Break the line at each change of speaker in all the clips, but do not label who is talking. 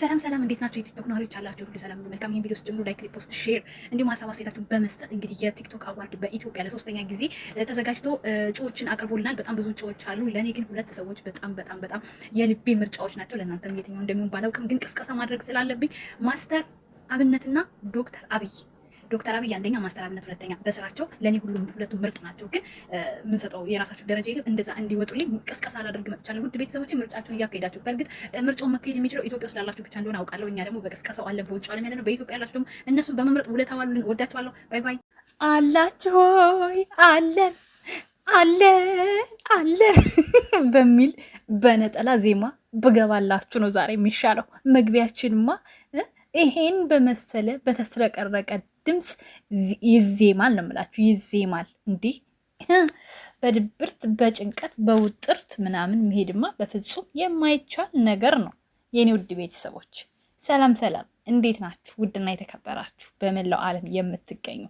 ሰላም ሰላም፣ እንዴት ናቸው የቲክቶክ ነዋሪዎች አላቸው ሁሉ ሰላም መልካም። ይህን ቪዲዮ ስጀምሩ ላይክ፣ ሪፖስት፣ ሼር እንዲሁም ሀሳብ አስተያየታችሁን በመስጠት እንግዲህ የቲክቶክ አዋርድ በኢትዮጵያ ለሶስተኛ ጊዜ ተዘጋጅቶ እጩዎችን አቅርቦልናል። በጣም ብዙ እጩዎች አሉ። ለእኔ ግን ሁለት ሰዎች በጣም በጣም በጣም የልቤ ምርጫዎች ናቸው። ለእናንተም የትኛው እንደሚሆን ባላውቅም ግን ቅስቀሳ ማድረግ ስላለብኝ ማስተር አብነትና ዶክተር አብይ ዶክተር አብይ አንደኛ፣ ማስተር አብነት ሁለተኛ በስራቸው ለእኔ ሁሉም ሁለቱ ምርጥ ናቸው። ግን የምንሰጠው የራሳቸው ደረጃ የለም። እንደዛ እንዲወጡልኝ ቅስቀሳ አላደርግ መጥቻለሁ። ውድ ቤተሰቦች ምርጫቸውን እያካሄዳቸው፣ በእርግጥ ምርጫውን መካሄድ የሚችለው ኢትዮጵያ ውስጥ ላላችሁ ብቻ እንደሆነ አውቃለሁ። እኛ ደግሞ በቅስቀሳው አለ በውጭ አለም ያለ በኢትዮጵያ ያላችሁ ደግሞ እነሱ በመምረጥ ውለታ ወዳችኋለሁ። ባይ ባይ።
አላችሁ ሆይ አለን አለን አለን በሚል በነጠላ ዜማ ብገባላችሁ ነው ዛሬ የሚሻለው። መግቢያችንማ ይሄን በመሰለ በተስረቀረቀ ድምፅ ይዜማል ነው የምላችሁ። ይዜማል እንዲህ በድብርት በጭንቀት በውጥርት ምናምን መሄድማ በፍጹም የማይቻል ነገር ነው። የኔ ውድ ቤተሰቦች ሰላም ሰላም፣ እንዴት ናችሁ? ውድና የተከበራችሁ በመላው ዓለም የምትገኙ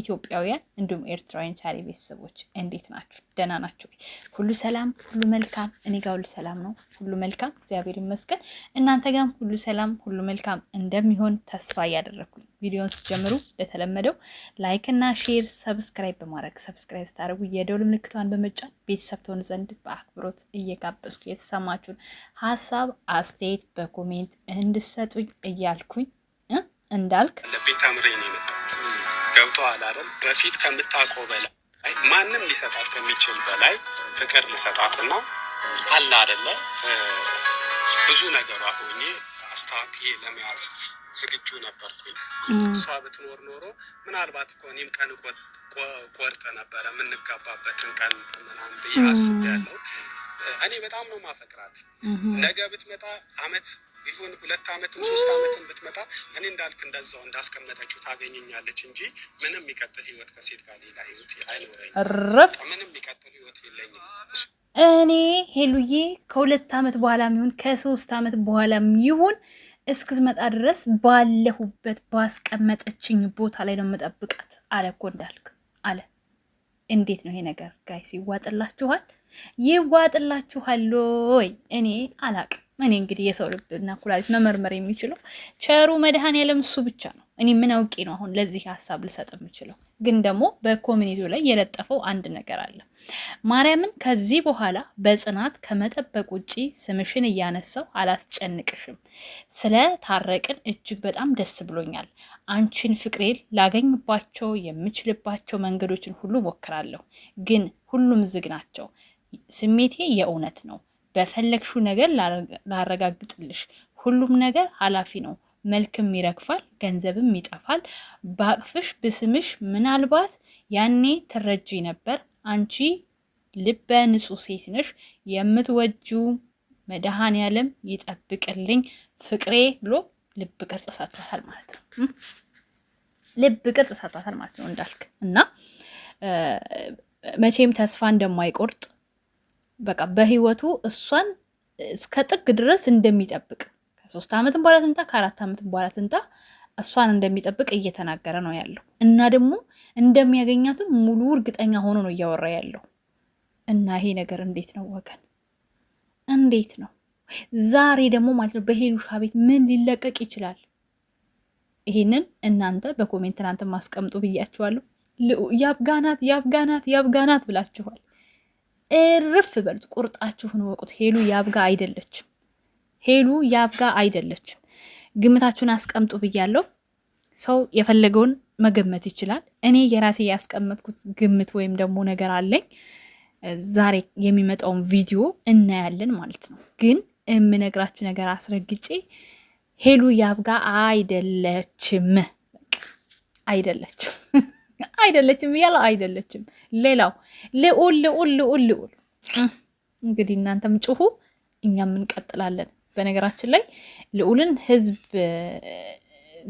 ኢትዮጵያውያን እንዲሁም ኤርትራውያን ቻሌ ቤተሰቦች እንዴት ናችሁ? ደህና ናቸው። ሁሉ ሰላም፣ ሁሉ መልካም። እኔ ጋር ሁሉ ሰላም ነው፣ ሁሉ መልካም፣ እግዚአብሔር ይመስገን። እናንተ ጋርም ሁሉ ሰላም፣ ሁሉ መልካም እንደሚሆን ተስፋ እያደረግኩኝ ቪዲዮን ስጀምሩ እንደተለመደው ላይክ እና ሼር፣ ሰብስክራይብ በማድረግ ሰብስክራይብ ስታደርጉ የደውል ምልክቷን በመጫን ቤተሰብ ትሆኑ ዘንድ በአክብሮት እየጋበዝኩ የተሰማችሁን ሀሳብ አስተያየት በኮሜንት እንድሰጡኝ እያልኩኝ እንዳልክ
ለቤት አምሬ ነው የመጣሁት። ገብቶሃል አይደል? በፊት ከምታውቀው በላይ ማንም ሊሰጣት ከሚችል በላይ ፍቅር ልሰጣትና አለ አይደለ ብዙ ነገሯ ሆኜ አስተካክዬ ለመያዝ ዝግጁ ነበርኩኝ። እሷ ብትኖር ኖሮ ምናልባት እኮ እኔም ቀን ቆርጥ ነበረ የምንጋባበትን ቀን ምናምን ብዬ አስቤያለሁ። እኔ በጣም ነው ማፈቅራት። ነገ ብትመጣ አመት ይሁን ሁለት አመትም ሶስት አመትም ብትመጣ እኔ እንዳልክ እንደዛው እንዳስቀመጠችው ታገኘኛለች እንጂ ምንም የሚቀጥል ህይወት ከሴት ጋር ሌላ ህይወት አይኖረኝም። ምንም የሚቀጥል ህይወት የለኝም።
እኔ ሄሉዬ ከሁለት ዓመት በኋላ ይሁን ከሶስት ዓመት በኋላ ይሁን እስክትመጣ ድረስ ባለሁበት ባስቀመጠችኝ ቦታ ላይ ነው የምጠብቃት አለ እኮ እንዳልክ አለ። እንዴት ነው ይሄ ነገር ጋይስ? ይዋጥላችኋል ይዋጥላችኋል ወይ? እኔ አላቅም። እኔ እንግዲህ የሰው ልብና ኩላሊት መመርመር የሚችለው ቸሩ መድኃኔዓለም እሱ ብቻ ነው። እኔ ምን አውቄ ነው አሁን ለዚህ ሀሳብ ልሰጥ የምችለው? ግን ደግሞ በኮሚኒቲው ላይ የለጠፈው አንድ ነገር አለ። ማርያምን ከዚህ በኋላ በጽናት ከመጠበቅ ውጪ ስምሽን እያነሳው አላስጨንቅሽም። ስለ ታረቅን እጅግ በጣም ደስ ብሎኛል። አንቺን ፍቅሬን ላገኝባቸው የምችልባቸው መንገዶችን ሁሉ ሞክራለሁ፣ ግን ሁሉም ዝግ ናቸው። ስሜቴ የእውነት ነው። በፈለግሹ ነገር ላረጋግጥልሽ፣ ሁሉም ነገር ኃላፊ ነው። መልክም ይረግፋል፣ ገንዘብም ይጠፋል። በአቅፍሽ ብስምሽ ምናልባት ያኔ ትረጂ ነበር። አንቺ ልበ ንጹሕ ሴት ነሽ። መድሃን ያለም ይጠብቅልኝ ፍቅሬ ብሎ ልብ ቅርጽ ሰጥቷታል ማለት ነው። ልብ ቅርጽ ሰጥቷታል ማለት ነው እንዳልክ እና መቼም ተስፋ እንደማይቆርጥ በቃ በህይወቱ እሷን እስከ ጥግ ድረስ እንደሚጠብቅ ከሶስት ዓመትም በኋላ ትምጣ ከአራት ዓመትም በኋላ ትምጣ እሷን እንደሚጠብቅ እየተናገረ ነው ያለው እና ደግሞ እንደሚያገኛትም ሙሉ እርግጠኛ ሆኖ ነው እያወራ ያለው። እና ይሄ ነገር እንዴት ነው ወገን? እንዴት ነው ዛሬ ደግሞ ማለት ነው በሄሉሻ ቤት ምን ሊለቀቅ ይችላል? ይሄንን እናንተ በኮሜንት እናንተ ማስቀምጡ ብያችኋለሁ። ያብጋናት ያብጋናት ያብጋናት ብላችኋል። እርፍ በሉት፣ ቁርጣችሁን ወቁት። ሄሉ ያብጋ አይደለችም። ሄሉ ያብጋ አይደለችም። ግምታችሁን አስቀምጡ ብያለሁ። ሰው የፈለገውን መገመት ይችላል። እኔ የራሴ ያስቀመጥኩት ግምት ወይም ደግሞ ነገር አለኝ። ዛሬ የሚመጣውን ቪዲዮ እናያለን ማለት ነው። ግን የምነግራችሁ ነገር አስረግጬ ሄሉ ያብጋ አይደለችም፣ አይደለችም፣ አይደለችም ብያለሁ። እያለው አይደለችም ሌላው ልዑል ልዑል ልዑል ልዑል። እንግዲህ እናንተም ጩሁ፣ እኛም እንቀጥላለን። በነገራችን ላይ ልዑልን ህዝብ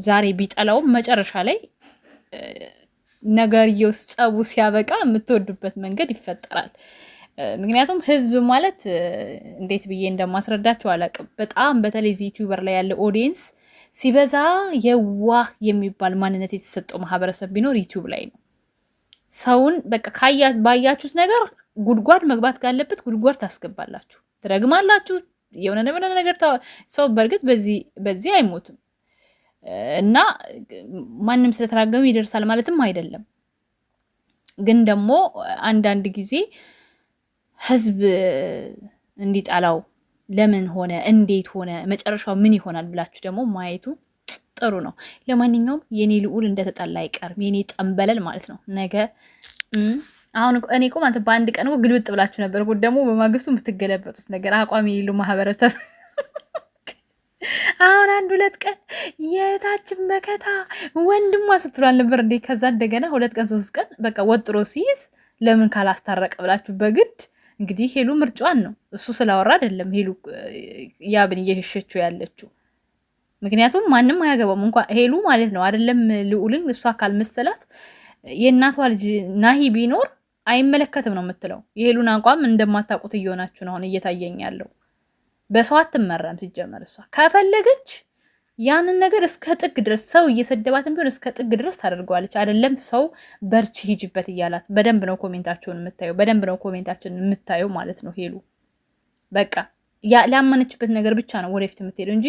ዛሬ ቢጠላውም መጨረሻ ላይ ነገርየው ጸቡ ሲያበቃ የምትወዱበት መንገድ ይፈጠራል። ምክንያቱም ህዝብ ማለት እንዴት ብዬ እንደማስረዳቸው አላውቅም። በጣም በተለይ እዚህ ዩቲዩበር ላይ ያለ ኦዲየንስ ሲበዛ የዋህ የሚባል ማንነት የተሰጠው ማህበረሰብ ቢኖር ዩቲዩብ ላይ ነው። ሰውን በቃ ባያችሁት ነገር ጉድጓድ መግባት ካለበት ጉድጓድ ታስገባላችሁ፣ ትረግማላችሁ የሆነ የሆነ ነገር ሰው በእርግጥ በዚህ አይሞትም እና ማንም ስለተራገሙ ይደርሳል ማለትም አይደለም። ግን ደግሞ አንዳንድ ጊዜ ህዝብ እንዲጠላው ለምን ሆነ እንዴት ሆነ መጨረሻው ምን ይሆናል ብላችሁ ደግሞ ማየቱ ጥሩ ነው። ለማንኛውም የኔ ልዑል እንደተጠላ አይቀርም፣ የኔ ጠንበለል ማለት ነው ነገ አሁን እኔ እኮ ማለት በአንድ ቀን እኮ ግልብጥ ብላችሁ ነበር። ደግሞ በማግስቱ የምትገለበጡት ነገር አቋም የሌለው ማህበረሰብ አሁን አንድ ሁለት ቀን የታችን መከታ ወንድሟ ስትሏል ነበር እንዴ? ከዛ እንደገና ሁለት ቀን ሶስት ቀን በቃ ወጥሮ ሲይዝ ለምን ካላስታረቀ ብላችሁ በግድ እንግዲህ ሄሉ ምርጫዋን ነው። እሱ ስላወራ አይደለም ሄሉ ያብን እየሸሸችው ያለችው። ምክንያቱም ማንም አያገባም እንኳ ሄሉ ማለት ነው አይደለም ልዑልን እሷ ካልመሰላት የእናቷ ልጅ ናሂ ቢኖር አይመለከትም ነው የምትለው። የሄሉን አቋም እንደማታውቁት እየሆናችሁ ነው አሁን እየታየኝ ያለው። በሰው አትመራም ሲጀመር። እሷ ከፈለገች ያንን ነገር እስከ ጥግ ድረስ ሰው እየሰደባትን ቢሆን እስከ ጥግ ድረስ ታደርገዋለች። አይደለም ሰው በርች ሂጅበት እያላት በደንብ ነው ኮሜንታችሁን የምታየው፣ በደንብ ነው ኮሜንታችን የምታየው ማለት ነው። ሄሉ በቃ ላመነችበት ነገር ብቻ ነው ወደፊት የምትሄደው እንጂ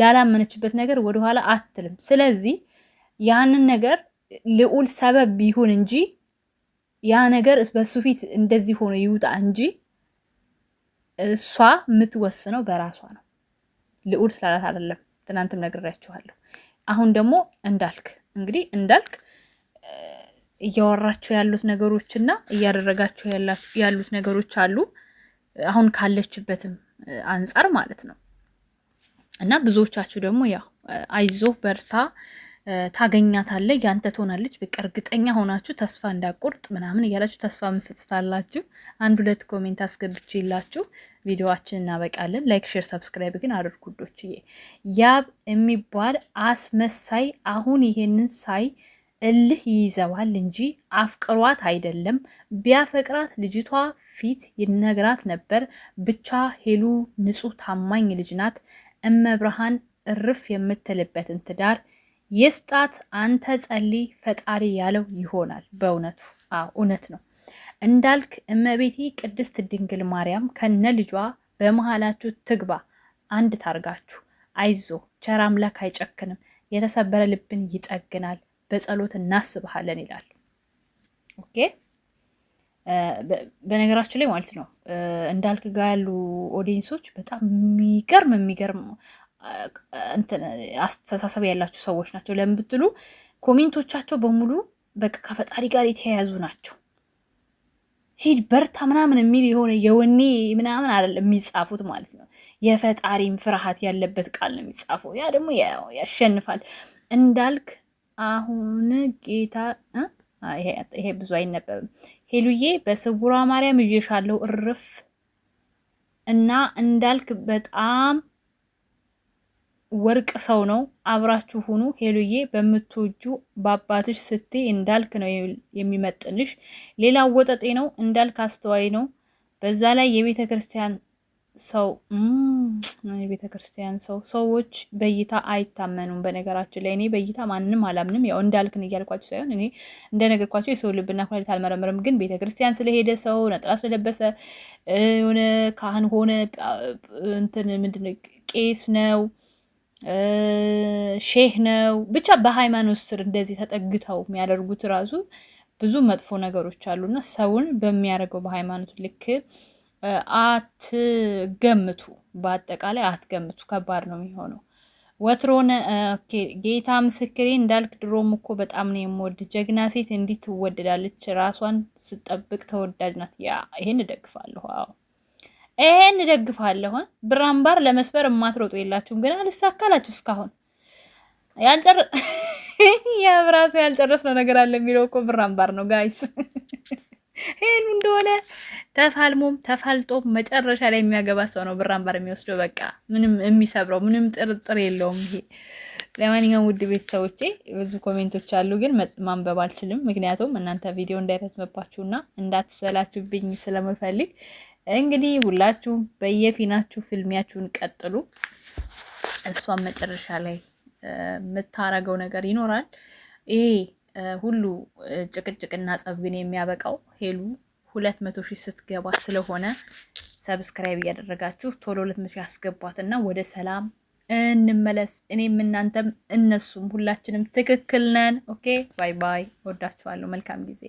ላላመነችበት ነገር ወደኋላ አትልም። ስለዚህ ያንን ነገር ልዑል ሰበብ ይሁን እንጂ ያ ነገር በሱ ፊት እንደዚህ ሆኖ ይውጣ እንጂ እሷ የምትወስነው በራሷ ነው። ልዑል ስላላት አይደለም። ትናንትም ነግሬያችኋለሁ። አሁን ደግሞ እንዳልክ እንግዲህ እንዳልክ እያወራችሁ ያሉት ነገሮች እና እያደረጋችሁ ያሉት ነገሮች አሉ። አሁን ካለችበትም አንጻር ማለት ነው እና ብዙዎቻችሁ ደግሞ ያው አይዞህ በርታ ታገኛታለህ፣ ያንተ ትሆናለች፣ በቃ እርግጠኛ ሆናችሁ ተስፋ እንዳቆርጥ ምናምን እያላችሁ ተስፋ ምሰጥታላችሁ። አንድ ሁለት ኮሜንት አስገብቼላችሁ ቪዲዮችን እናበቃለን። ላይክ፣ ሼር፣ ሰብስክራይብ ግን አድርጉ ውዶችዬ። ያብ የሚባል አስመሳይ አሁን ይሄንን ሳይ እልህ ይይዘዋል እንጂ አፍቅሯት አይደለም። ቢያፈቅራት ልጅቷ ፊት ይነግራት ነበር። ብቻ ሄሉ ንጹህ ታማኝ ልጅ ናት። እመብርሃን እርፍ የምትልበትን ትዳር ይስጣት አንተ ጸልይ ፈጣሪ ያለው ይሆናል። በእውነቱ አዎ እውነት ነው እንዳልክ እመቤቴ ቅድስት ድንግል ማርያም ከነ ልጇ በመሃላችሁ ትግባ አንድ ታርጋችሁ። አይዞ ቸር አምላክ አይጨክንም፣ የተሰበረ ልብን ይጠግናል፣ በጸሎት እናስብሃለን ይላል። ኦኬ በነገራችን ላይ ማለት ነው እንዳልክ ጋር ያሉ ኦዲንሶች በጣም የሚገርም የሚገርም አስተሳሰብ ያላችሁ ሰዎች ናቸው። ለምን ብትሉ ኮሜንቶቻቸው በሙሉ በቃ ከፈጣሪ ጋር የተያያዙ ናቸው። ሂድ በርታ ምናምን የሚል የሆነ የወኔ ምናምን አይደለም የሚጻፉት ማለት ነው። የፈጣሪም ፍርሃት ያለበት ቃል ነው የሚጻፈው። ያ ደግሞ ያሸንፋል እንዳልክ አሁን ጌታ ይሄ ብዙ አይነበብም። ሄሉዬ በስውሯ ማርያም እየሻለው እርፍ እና እንዳልክ በጣም ወርቅ ሰው ነው። አብራችሁ ሁኑ ሄሉዬ። በምትወጁ በአባትሽ ስቲ እንዳልክ ነው የሚመጥንሽ። ሌላ ወጠጤ ነው እንዳልክ አስተዋይ ነው። በዛ ላይ የቤተ ክርስቲያን ሰው የቤተ ክርስቲያን ሰው ሰዎች በእይታ አይታመኑም። በነገራችን ላይ እኔ በእይታ ማንንም አላምንም። ያው እንዳልክን እያልኳቸው ሳይሆን እኔ እንደነገርኳቸው የሰው ልብና ኩላሊት አልመረምርም። ግን ቤተ ክርስቲያን ስለሄደ ሰው ነጠላ ስለለበሰ የሆነ ካህን ሆነ እንትን ምንድን ቄስ ነው ሼህ ነው ብቻ በሃይማኖት ስር እንደዚህ ተጠግተው የሚያደርጉት ራሱ ብዙ መጥፎ ነገሮች አሉና ሰውን በሚያደርገው በሃይማኖት ልክ አትገምቱ። በአጠቃላይ አትገምቱ፣ ከባድ ነው የሚሆነው። ወትሮነ ጌታ ምስክሬ እንዳልክ ድሮም እኮ በጣም ነው የምወድ። ጀግና ሴት እንዲህ ትወደዳለች፣ ራሷን ስጠብቅ ተወዳጅ ናት። ያ ይሄን እደግፋለሁ። አዎ ይሄን እደግፋለሁ። ብራምባር ለመስበር የማትሮጡ የላችሁም፣ ግን አልሳካላችሁ እስካሁን ያልጨር የብራሱ ያልጨረስነው ነገር አለ የሚለው እኮ ብራምባር ነው ጋይስ። ይሄን እንደሆነ ተፋልሞም ተፋልጦም መጨረሻ ላይ የሚያገባ ሰው ነው ብራምባር የሚወስደው። በቃ ምንም የሚሰብረው ምንም ጥርጥር የለውም ይሄ። ለማንኛውም ውድ ቤተሰቦቼ ብዙ ኮሜንቶች አሉ፣ ግን ማንበብ አልችልም፣ ምክንያቱም እናንተ ቪዲዮ እንዳይረዝምባችሁና እንዳትሰላችሁብኝ ስለምፈልግ እንግዲህ ሁላችሁ በየፊናችሁ ፍልሚያችሁን ቀጥሉ። እሷን መጨረሻ ላይ የምታረገው ነገር ይኖራል። ይሄ ሁሉ ጭቅጭቅና ጸብ ግን የሚያበቃው ሄሉ ሁለት መቶ ሺህ ስትገባ ስለሆነ ሰብስክራይብ እያደረጋችሁ ቶሎ ሁለት መቶ ሺህ እና ወደ ሰላም እንመለስ። እኔም እናንተም እነሱም ሁላችንም ትክክል ነን። ኦኬ ባይ ባይ። ወዳችኋለሁ። መልካም ጊዜ